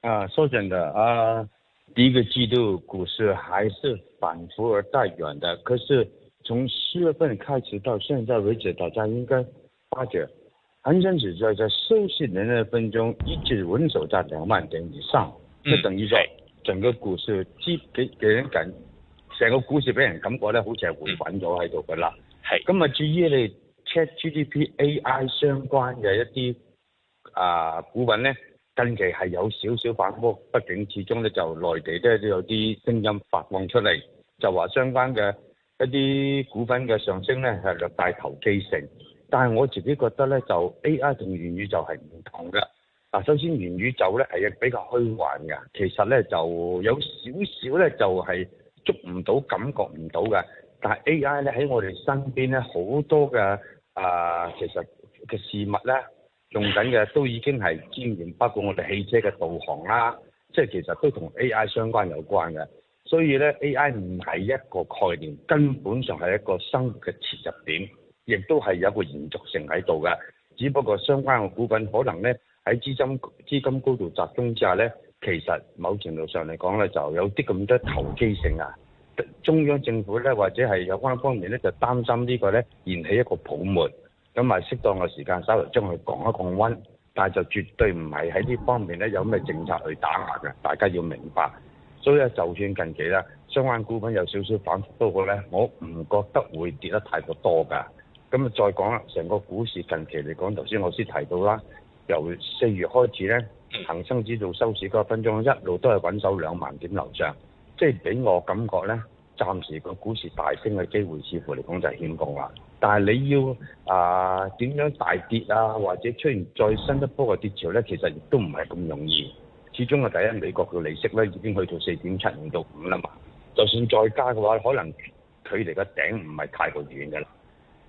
啊，說真的啊、呃，第一個季度股市還是反覆而代表的。可是從四月份開始到現在為止，大家應該發覺恒生指數在收市的分鐘一直穩守在兩萬點以上，嗯、就等於說整個股市俾、俾人感，成個股市俾人感覺咧，好似係回穩咗喺度噶啦。係咁啊，至於你 check GDP AI 相關嘅一啲啊、呃、股份咧。近期係有少少反覆，畢竟始終咧就內地咧都有啲聲音發放出嚟，就話相關嘅一啲股份嘅上升咧係略帶投機性。但係我自己覺得咧就 AI 同元宇宙係唔同嘅。嗱、啊，首先元宇宙咧係比較虛幻嘅，其實咧就有少少咧就係、是、捉唔到、感覺唔到嘅。但係 AI 咧喺我哋身邊咧好多嘅啊，其實嘅事物咧。用緊嘅都已經係兼容，包括我哋汽車嘅導航啦，即係其實都同 A I 相關有關嘅。所以咧，A I 唔係一個概念，根本上係一個生活嘅切入點，亦都係有個延續性喺度嘅。只不過相關嘅股份可能咧喺資金，資金高度集中之下咧，其實某程度上嚟講咧就有啲咁多投機性啊。中央政府咧或者係有關方面咧就擔心呢個咧燃起一個泡沫。咁咪適當嘅時間，稍為將佢降一降溫，但係就絕對唔係喺呢方面咧有咩政策去打壓嘅，大家要明白。所以咧，就算近期啦，相關股份有少少反覆多過咧，我唔覺得會跌得太過多㗎。咁啊，再講啦，成個股市近期嚟講，頭先我先提到啦，由四月開始咧，恒生指數收市嗰分鐘一路都係穩守兩萬點樓上，即係俾我感覺咧，暫時個股市大升嘅機會似乎嚟講就係欠奉啦。但係你要啊點、呃、樣大跌啊，或者出現再新一波嘅跌潮咧，其實亦都唔係咁容易。始終啊，第一，美國嘅利息咧已經去到四點七五到五啦嘛，就算再加嘅話，可能距離個頂唔係太過遠嘅啦。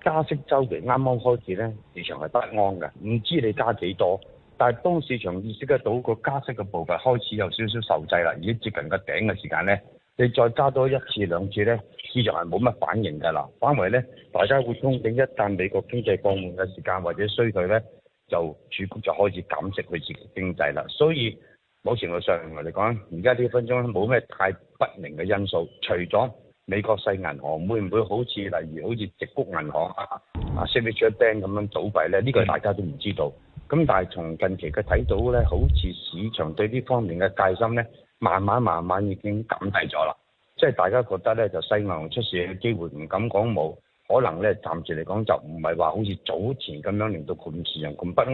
加息週期啱啱開始咧，市場係不安嘅，唔知你加幾多。但係當市場意識得到個加息嘅步伐開始有少少受制啦，而接近個頂嘅時間咧。你再加多一次兩次呢，市場係冇乜反應㗎啦。反為呢，大家會憧憬一旦美國經濟放緩嘅時間或者衰退呢，就儲局就開始減息佢自己經濟啦。所以某程度上嚟講，而家呢分鐘冇咩太不明嘅因素，除咗美國細銀行會唔會好似例如好似矽谷銀行啊、啊 Signature Bank 咁樣倒閉呢，呢、這個大家都唔知道。咁但係從近期佢睇到呢，好似市場對呢方面嘅戒心呢。慢慢慢慢已經減低咗啦，即係大家覺得咧就西銀出事嘅機會唔敢講冇，可能咧暫時嚟講就唔係話好似早前咁樣令到股市人咁不安。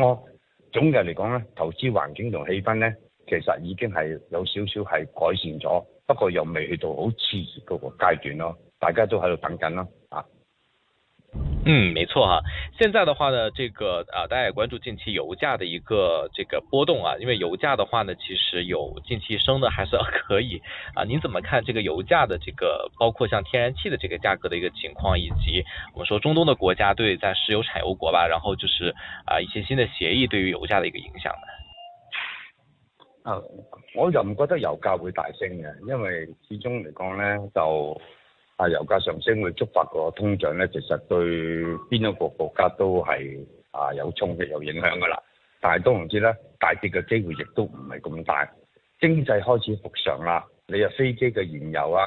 總嘅嚟講咧，投資環境同氣氛咧其實已經係有少少係改善咗，不過又未去到好熾熱嗰個階段咯，大家都喺度等緊咯。嗯，沒錯哈。現在的話呢，這個啊、呃，大家也關注近期油價的一個這個波動啊，因為油價的話呢，其實有近期升的還是可以啊、呃。您怎麼看這個油價的這個，包括像天然氣的這個價格的一個情況，以及我們說中東的國家對在石油產油國吧，然後就是啊、呃、一些新的協議對於油價的一個影響呢？啊，我就唔覺得油價會大升嘅，因為始終嚟講呢就。啊！油價上升會觸發個通脹咧，其實對邊一個國家都係啊有衝擊、有影響㗎啦。但係都唔知咧，大跌嘅機會亦都唔係咁大。經濟開始復常啦，你啊飛機嘅燃油啊、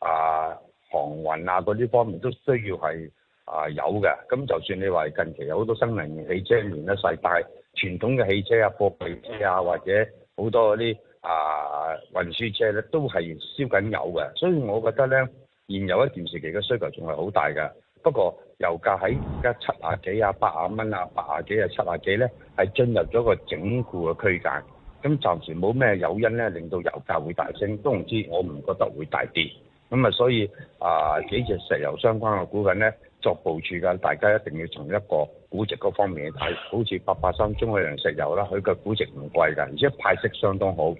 啊航運啊嗰啲方面都需要係啊有嘅。咁就算你話近期有好多新能源汽車燃得世，但係傳統嘅汽車啊、貨櫃車啊或者好多嗰啲啊運輸車咧都係燒緊油嘅，所以我覺得咧。現有一段時期嘅需求仲係好大嘅，不過油價喺而家七十幾啊、八十蚊啊、八十幾啊、七十幾咧，係進入咗個整固嘅區間，咁暫時冇咩誘因咧令到油價會大升，都唔知我唔覺得會大跌，咁啊所以啊幾隻石油相關嘅股份咧作部署嘅，大家一定要從一個估值嗰方面睇，好似八八三、中海洋石油啦，佢嘅估值唔貴嘅，而且派息相當好，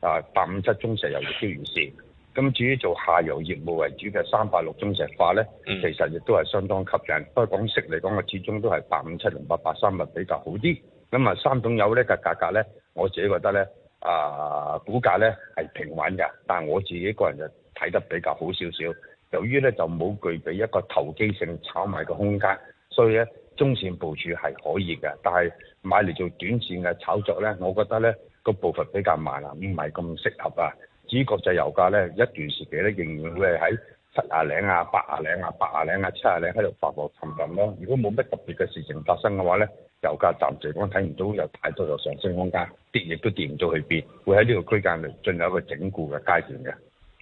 啊八五七中石油亦都完事。咁至於做下游業務為主嘅三八六中石化呢，其實亦都係相當吸引。嗯、不過講息嚟講，我始終都係八五七同八八三物比較好啲。咁啊，三桶油呢嘅價格呢，我自己覺得呢，啊、呃，股價呢係平穩嘅，但我自己個人就睇得比較好少少。由於呢就冇具備一個投機性炒賣嘅空間，所以呢中線部署係可以嘅，但係買嚟做短線嘅炒作呢，我覺得呢個步伐比較慢啦，唔係咁適合啊。至於國際油價咧，一段時期咧仍然會係喺七啊零啊、八啊零啊、八啊零啊、七啊零喺度浮浮沉沉咯。如果冇乜特別嘅事情發生嘅話咧，油價暫時講睇唔到有太多嘅上升空間，跌亦都跌唔到去邊，會喺呢個區間裡進入一個整固嘅階段嘅。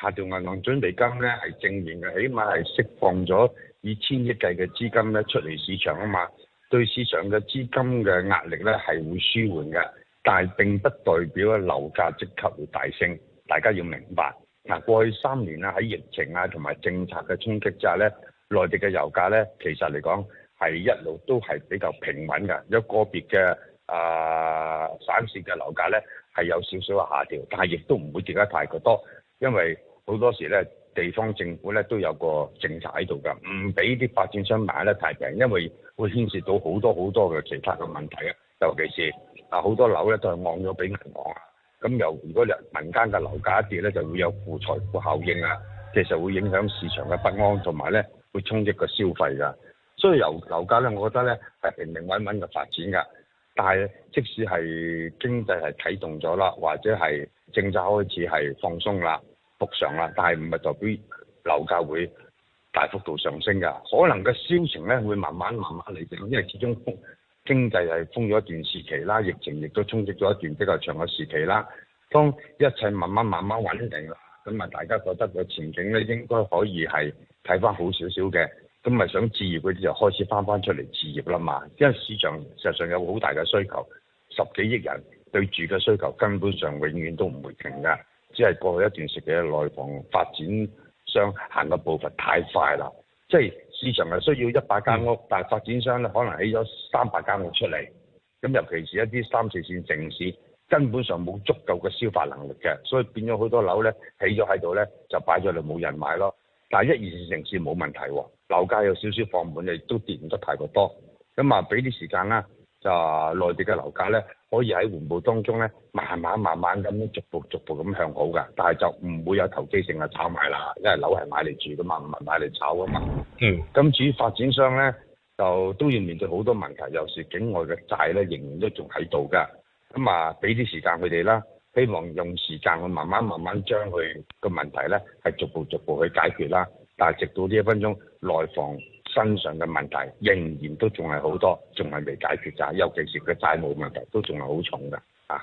下調銀行準備金咧，係正面嘅，起碼係釋放咗以千億計嘅資金咧出嚟市場啊嘛，對市場嘅資金嘅壓力咧係會舒緩嘅，但係並不代表啊樓價即刻會大升，大家要明白。嗱，過去三年啊喺疫情啊同埋政策嘅衝擊之下咧，內地嘅油價咧其實嚟講係一路都係比較平穩嘅，有個別嘅啊省市嘅樓價咧係有少少嘅下調，但係亦都唔會跌得太過多，因為好多時咧，地方政府咧都有個政策喺度㗎，唔俾啲發展商買得太平，因為會牽涉到好多好多嘅其他嘅問題啊。尤其是啊，好多樓咧都係按咗俾銀行啊。咁又如果民間嘅樓價一跌咧，就會有負財富效應啊，其實會影響市場嘅不安，同埋咧會衝擊個消費㗎。所以由樓價咧，我覺得咧係平平穩穩嘅發展㗎。但係即使係經濟係啟動咗啦，或者係政策開始係放鬆啦。復常啦，但唔係代表樓價會大幅度上升㗎。可能個銷情咧會慢慢慢慢嚟定，因為始終經濟係封咗一段時期啦，疫情亦都衝擊咗一段比較長嘅時期啦。當一切慢慢慢慢穩定啦，咁啊大家覺得個前景咧應該可以係睇翻好少少嘅，咁啊想置業嗰啲就開始翻翻出嚟置業啦嘛。因為市場實上有好大嘅需求，十幾億人對住嘅需求根本上永遠都唔會停㗎。只係過去一段時期內房發展商行嘅步伐太快啦，即係市場係需要一百間屋，嗯、但係發展商咧可能起咗三百間屋出嚟，咁尤其是一啲三四線城市根本上冇足夠嘅消化能力嘅，所以變咗好多樓咧起咗喺度咧就擺咗嚟冇人買咯。但係一二線城市冇問題喎，樓價有少少放緩，亦都跌唔得太過多，咁啊俾啲時間啦，就內地嘅樓價咧。可以喺緩步當中咧，慢慢慢慢咁樣逐步逐步咁向好噶，但係就唔會有投機性嘅炒賣啦，因為樓係買嚟住噶嘛，唔係買嚟炒噶嘛。嗯。咁至於發展商咧，就都要面對好多問題，尤其境外嘅債咧仍然都仲喺度噶。咁啊，俾啲時間佢哋啦，希望用時間去慢慢慢慢將佢個問題咧係逐步逐步去解決啦。但係直到呢一分鐘內房身上嘅問題仍然都仲係好多，仲係未解決。咋，尤其是個債務問題，都仲係好重噶啊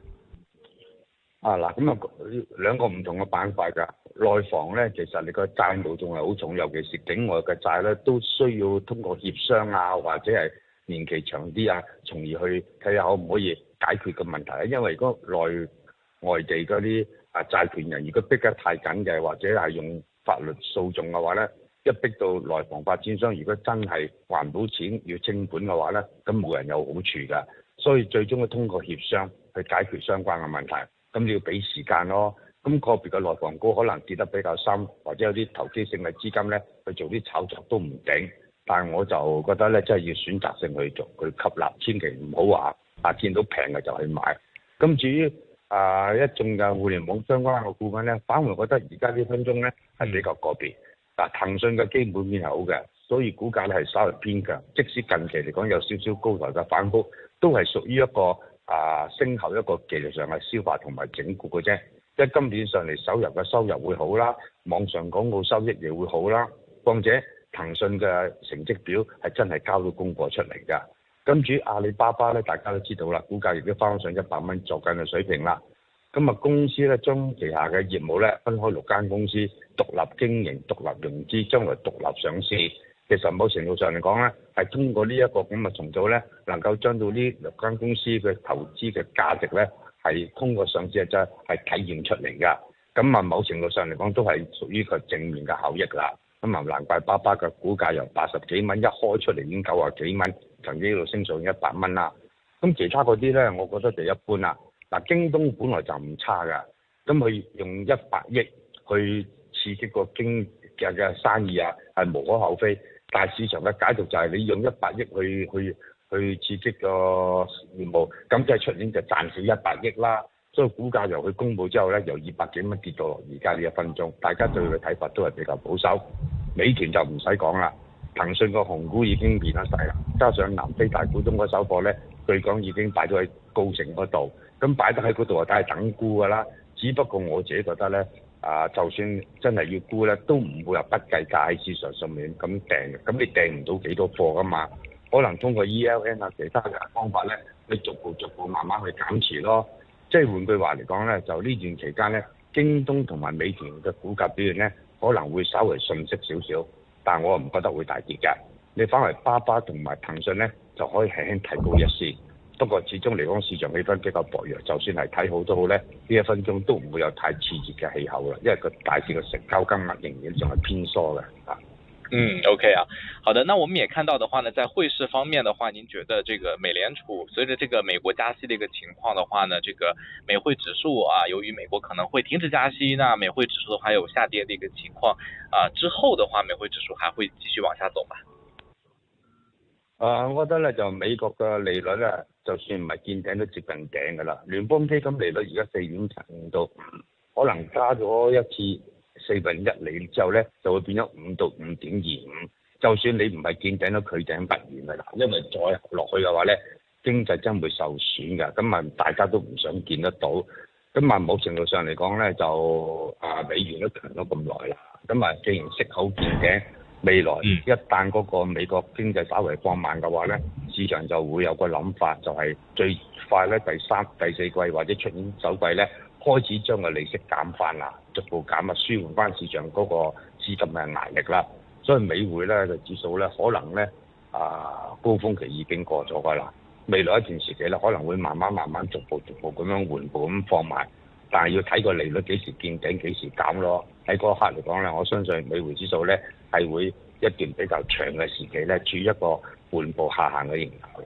啊嗱，咁啊兩個唔同嘅板塊㗎。內房咧，其實你個債務仲係好重，尤其是境外嘅債咧，都需要通過協商啊，或者係年期長啲啊，從而去睇下可唔可以解決個問題。因為如果內外地嗰啲啊債權人，如果逼得太緊嘅，或者係用法律訴訟嘅話咧，一逼到內房發展商，如果真係還唔到錢要清盤嘅話咧，咁冇人有好處㗎。所以最終要通過協商去解決相關嘅問題。咁你要俾時間咯，咁、那個別嘅內房股可能跌得比較深，或者有啲投資性嘅資金咧去做啲炒作都唔定。但我就覺得咧，真係要選擇性去做，去吸納，千祈唔好話啊見到平嘅就去買。咁至於啊一眾嘅互聯網相關嘅股份咧，反而覺得而家呢分鐘咧係比較個別。啊騰訊嘅基本面係好嘅，所以股價咧係稍為偏強，即使近期嚟講有少少高台嘅反覆，都係屬於一個。啊，升後一個技術上係消化同埋整固嘅啫，即係今年上嚟手遊嘅收入會好啦，網上廣告收益亦會好啦。況且騰訊嘅成績表係真係交到功課出嚟㗎。跟住阿里巴巴咧，大家都知道啦，股價亦都返上一百蚊左近嘅水平啦。咁啊，公司咧將旗下嘅業務咧分開六間公司，獨立經營、獨立融資，將來獨立上市。其實某程度上嚟講咧，係通過這呢一個咁嘅重組咧，能夠將到呢六間公司嘅投資嘅價值咧，係通過上市嘅質係體現出嚟㗎。咁啊，某程度上嚟講都係屬於個正面嘅效益啦。咁啊，難怪巴巴嘅股價由八十幾蚊一開出嚟，已經九啊幾蚊，曾經一路升上一百蚊啦。咁其他嗰啲咧，我覺得就一般啦。嗱，京東本來就唔差㗎，咁佢用一百億去刺激個經濟嘅生意啊，係無可厚非。大市場嘅解讀就係你用一百億去去去刺激個業務，咁即係出年就賺少一百億啦。所以股價由佢公布之後咧，由二百幾蚊跌到落而家呢一分鐘，大家對佢嘅睇法都係比較保守。美團就唔使講啦，騰訊個紅股已經變咗細啦，加上南非大股東嗰手貨咧，據講已經擺咗喺高盛嗰度，咁擺得喺嗰度啊，梗係等沽噶啦。只不過我自己覺得咧。啊，就算真係要沽呢都唔會話不計價喺市場上面咁訂，咁你掟唔到幾多貨噶嘛？可能通過 ELN 啊其他嘅方法呢，你逐步逐步慢慢去減持咯。即係換句話嚟講呢，就呢段期間呢，京東同埋美團嘅股價表現呢，可能會稍微遜息少少，但我又唔覺得會大跌嘅。你返嚟巴巴同埋騰訊呢，就可以輕輕提高一線。不過，始終嚟講，市場氣氛比較薄弱，就算係睇好都好呢，呢一分鐘都唔會有太刺激嘅氣候啦，因為個大市嘅成交金額仍然仲係偏疏嘅。嗯，OK 啊，好的。那我們也看到的話呢，在匯市方面的話，您覺得這個美聯儲，隨著這個美國加息嘅一個情況的話呢，這個美匯指數啊，由於美國可能會停止加息，那美匯指數的話有下跌嘅一個情況啊、呃，之後的話，美匯指數還會繼續往下走嗎？啊、uh,，我覺得咧就美國嘅利率咧，就算唔係見頂都接近頂嘅啦。聯邦基金利率而家四點七五到五，可能加咗一次四分一厘之後咧，就會變咗五到五點二五。就算你唔係見頂都佢頂不然嘅啦，因為再落去嘅話咧，經濟真會受損㗎。咁咪大家都唔想見得到。咁咪某程度上嚟講咧，就啊美元都強咗咁耐啦。咁咪既然息口見頂，未來一旦嗰個美國經濟稍微放慢嘅話呢，市場就會有個諗法，就係最快呢第三、第四季或者出年首季呢，開始將個利息減翻啦，逐步減啊，舒緩翻市場嗰個資金嘅壓力啦。所以美匯呢，就指數呢，可能呢啊高峰期已經過咗㗎啦。未來一段時期呢，可能會慢慢慢慢逐步逐步咁樣緩步咁放慢，但係要睇個利率幾時見頂，幾時減咯。喺嗰一刻嚟講咧，我相信美匯指數咧係會一段比較長嘅時期咧處於一個緩步下行嘅形態嘅。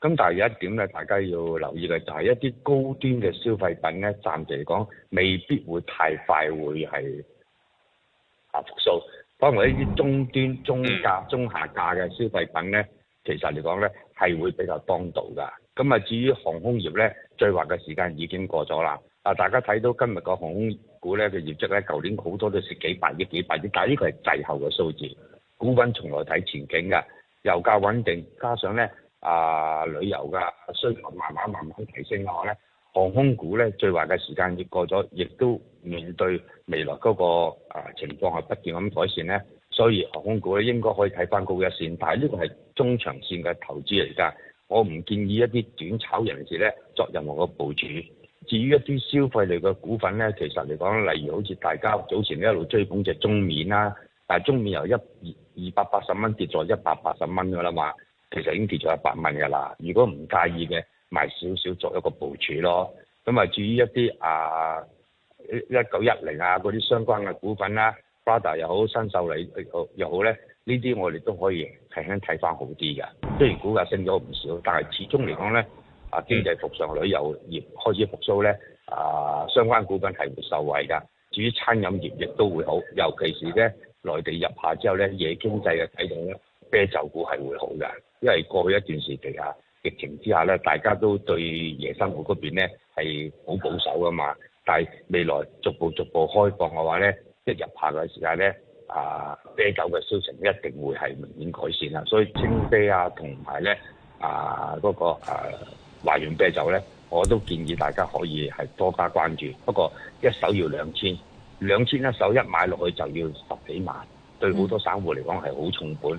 咁但係有一點咧，大家要留意嘅就係一啲高端嘅消費品咧，暫時嚟講未必會太快會係啊復甦。包括一啲中端、中價、中下價嘅消費品咧，其實嚟講咧係會比較當道㗎。咁啊，至於航空業咧，最壞嘅時間已經過咗啦。啊，大家睇到今日個航空股咧嘅業績咧，舊年好多都蝕幾百億、幾百億，但係呢個係滯後嘅數字。股份從來睇前景㗎，油價穩定，加上咧，啊、呃，旅遊嘅需求慢慢慢慢提升嘅話咧，航空股咧最壞嘅時間亦過咗，亦都面對未來嗰、那個、呃、情況係不斷咁改善咧，所以航空股咧應該可以睇翻高一線，但係呢個係中長線嘅投資嚟噶，我唔建議一啲短炒人士咧作任何嘅部署。至於一啲消費類嘅股份咧，其實嚟講，例如好似大家早前一路追捧隻中免啦、啊，但係中免由一二二百八十蚊跌咗一百八十蚊嘅啦話。其實已經跌咗一百蚊㗎啦。如果唔介意嘅，賣少少作一個部署咯。咁啊，至於一啲啊一九一零啊嗰啲相關嘅股份啦，Prada 又好，新秀麗又好又好咧，呢啲我哋都可以輕輕睇翻好啲㗎。雖然股價升咗唔少，但係始終嚟講咧，啊經濟復上旅遊業開始復甦咧，啊相關股份係會受惠㗎。至於餐飲業亦都會好，尤其是咧內地入下之後咧，夜經濟嘅啟動咧，啤酒股係會好㗎。因為過去一段時期啊，疫情之下咧，大家都對夜生活嗰邊咧係好保守噶嘛。但係未來逐步逐步開放嘅話咧，一入夏嘅時間咧，啊啤酒嘅銷情一定會係明顯改善啦。所以青啤啊，同埋咧啊嗰、那個啊華潤啤酒咧，我都建議大家可以係多加關注。不過一手要兩千，兩千一手一買落去就要十幾萬，對好多散戶嚟講係好重本。